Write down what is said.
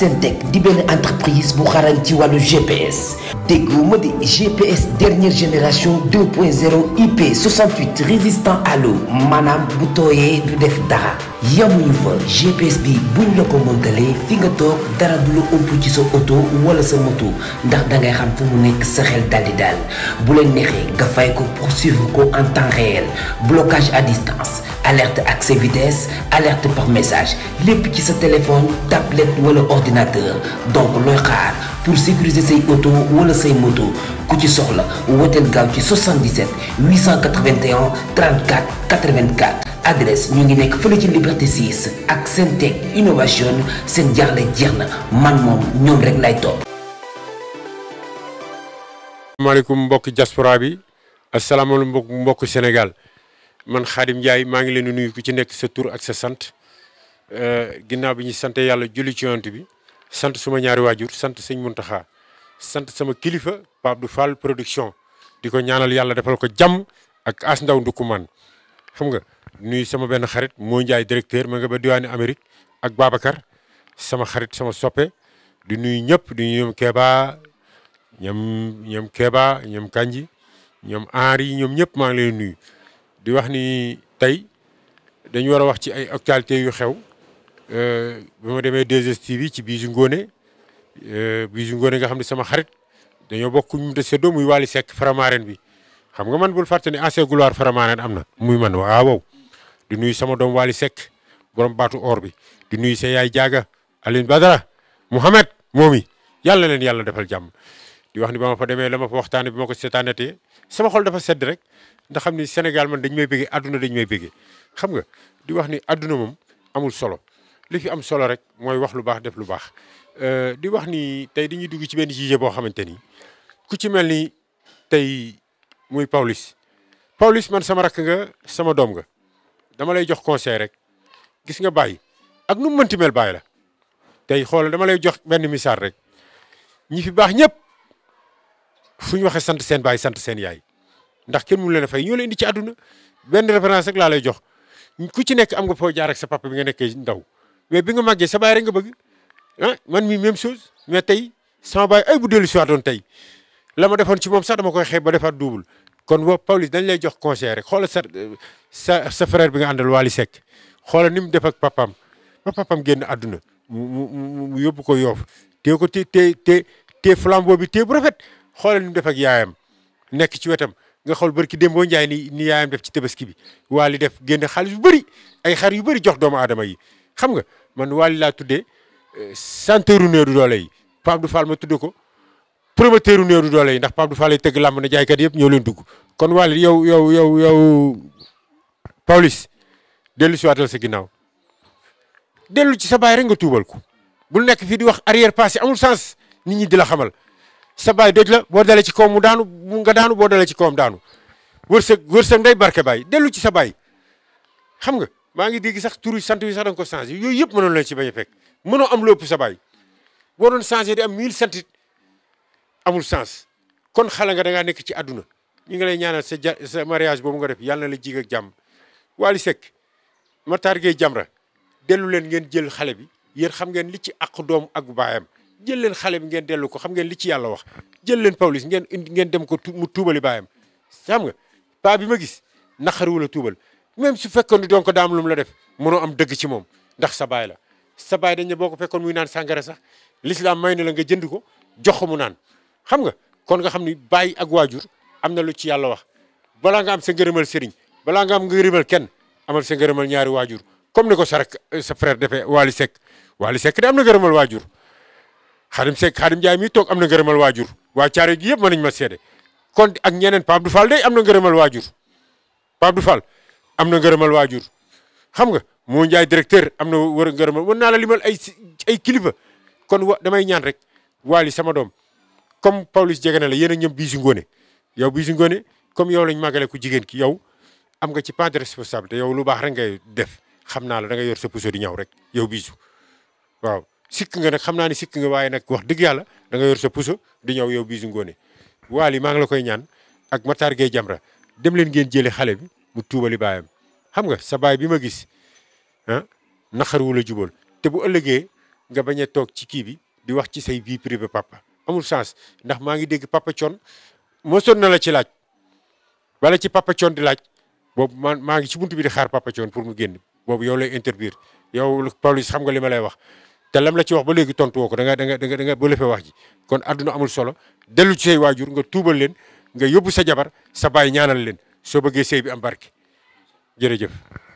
Syntec di benn entreprise bu xarañ ci wàllu GPS dégguma di GPS dernière génération 2.0 IP 68 résistant à l'eau maanaam bu tooyee du def dara yamuñu fa GPS bi buñ la ko montalee fi nga toog dara du la ëpp ci sa oto wala sa moto ndax dangay xam fu mu nekk sa xel daldi daal bu leen neexee nga fay ko poursuivre ko en temps réel blocage à distance alerte accès vitesse alerte par message lépp ci sa téléphone tablette wala ordinateur donc looy xaar pour sécuriser say auto wala say moto ku ci soxla wooteel gaaw ci 77 881 34 84 adresse ñu ngi nekk fële ci Liberté 6 ak seen tech innovation seen jaaxle jeex na man moom ñoom rek lay topp. maaleykum mbokk diaspora bi asalaamaaleykum mbokk mbokk Sénégal. man Khadim Ndiaye maa ngi leen di nuyu ku ci nekk sa tur ak sa sant euh, ginnaaw bi ñu sant yàlla julli ci yonent bi sant suma ñaari waajur sant sëñ Muntaxa sant sama kilifa Pape du Fall production di ko ñaanal yàlla defal ko jàmm ak as ndaw ndukumaan xam nga nuyu sama benn xarit moo njaay directeur ma nga ba diwaani Amérique ak Babacar sama xarit sama soppe di nuyu ñëpp di nuyu ñoom Kéba ñoom ñoom Kéba ñoom Kanji ñoom Henri ñoom ñëpp maa ngi leen nuyu. di wax ni tey dañu war a wax ci ay actualité yu xew euh, bi ma demee 2 bi ci Bijou Ngoné euh, Bijou Ngoné nga xam ne sama xarit dañoo bokk ñu te seddoo muy Wally Seck Faramaren bi xam nga man bul fàtte ne ancien gloire Faramaren am na muy man waaw di nuyu sama doom Wally Seck borom baatu or bi di nuyu sa yaay jaaga Alioune Badara Mouhamed moom i yàlla leen yàlla defal jàmm di wax ni ba ma fa demee la ma fa waxtaanee bi ma ko seetaanatee sama xol dafa sedd rek ndax xam ni Sénégal man dañu may bëggee àdduna dañ may bëggee xam nga di wax ni àdduna moom amul solo li fi am solo rek mooy wax lu baax def lu baax. Euh, di wax ni tey dañuy dugg ci benn sujet boo xamante ni ku ci mel ni tey muy Pawlish Pawlish man sama rakk nga sama doom nga dama lay jox conseil rek gis nga bàyyi ak nu mënti mel bàyyi la tey xool dama lay jox benn misaal rek ñi fi baax ñëpp. fu ñu waxee sant seen baay sant seen yaay ndax kenn mu leen fay ñoo leen indi ci adduna benn référence rek laa lay jox ku ci nekk am nga foo jaar sa papa bi nga nekkee ndaw mais bi nga màggee sa baay rek nga bëgg ah man mii même chose mais tey sama baay ay bu dellu si waatoon tey la ma defoon ci moom sax dama koy xeeb ba defaat double kon boobu Pawlish dañ lay jox conseil rek xoolal sa sa sa bi nga àndal Wally Seck xoolal ni mu def ak papaam ba papaam génn àdduna mu yóbbu ko yoof te ko te te te flambeau bi te bu rafet. xoolal ñu def ak yaayam nekk ci wetam nga xool barki démboo njaay ni ni yaayam def ci tabaski bi waali def génne xaalis yu bëri ay xar yu bëri jox doomu aadama yi xam nga man waali laa tuddee euh, santeuru néeru doole yi Pape Abdou Fall ma tudde ko promoteuru néeru doole yi ndax Pape Abdou Fall lay tëgg làmb na yëpp ñoo leen dugg kon waali yow yow yow yow Pawlish dellu si waatal sa ginnaaw dellu ci sa baay rek nga tuubal ko bu nekk fii di wax arrière passé amul sens ni ñi di la xamal sa baay doj la boo dalee ci kaw mu daanu nga daanu boo dalee ci kawam daanu wërsëg wërsëg ndey barke baay dellu ci sa baay xam nga maa ngi dégg sax tur yi sant yi sax da ko changé yooyu yëpp mënoon la ci bañ a fekk mënoo am lu ëpp sa boo doon changé di am mille sant it amul sens kon xala nga da nekk ci àdduna ñu ngi lay ñaanal sa ja sa mariage boobu nga def yàlla na la jig ak jàmm Wally Seck Matar Gueye Jamra dellu leen ngeen jël xale bi yéen xam ngeen li ci àq doom ak baayam jël leen xale bi ngeen dellu ko xam ngeen li ci yàlla wax jëleen leen Pawlish ngeen dem ko mu tuubali baayam xam nga paa bi ma gis naqariwul a tuubal même su fekkoon ni doon ko daam lu mu la def mënoo am dëgg ci moom ndax sa baay la sa baay dañ ne boo ko fekkoon muy naan sàngara sax l'islam may na la nga jënd ko jox ko mu naan xam nga kon nga xam ni baay ak waajur am na lu ci yàlla wax balaa nga am sa ngërëmal sëriñ balaa nga am ngërëmal kenn amal sa ngërëmal ñaari waajur comme ni ko sa rek sa frère defee Waly Seck Waly Seck de am na ngërëmal waajur xaadim Seck xaadim Ndiaye mi toog am na ngërëmal waajur waa caare gi yëpp mën nañ ma seede kon ak ñeneen Pape du Fall day am na ngërëmal waajur Pape du Fall am na ngërëmal waajur xam nga moo Ndiaye directeur am na war a ngërëmal wan naa la limal ay ay kilifa kon wa damay ñaan rek waali sama doom comme Pawlish jege na la yéen a ñoom biisu ngoone yow biisu ngóone comme yow lañ màggale ku jigéen ki yow am nga ci part de responsabilité yow lu baax rek ngay def xam naa la da nga yor sa puso di ñaw rek yow biisu waaw sikk nga nag xam naa ne sikk nga waaye nag wax dëgg yàlla danga nga yor sa puso di ñëw yow Bijou Ngoné waal yi maa ngi la koy ñaan ak Matar Gueye Jamra dem leen ngeen jëlee xale bi mu tuubali baayam xam nga sa baay bi ma gis ah naxaru la jubal te bu ëllëgee nga bañ a toog ci kii bi di wax ci say bii vie privée papa amul sens ndax maa ngi dégg papa Thion mosoon na la ci laaj wala ci papa Thion di laaj boobu man maa ngi ci buntu bi di xaar papa Thion pour mu génn boobu yow lay interview yow Pawlish xam nga li ma lay wax te lam la ci wax ba léegi tontu woo ko da nga da nga da nga wax ji kon àdduna amul solo dellu ci say waajur nga tuubal leen nga yóbbu sa jabar sa baay ñaanal leen soo bëggee sëy bi am barke jërëjëf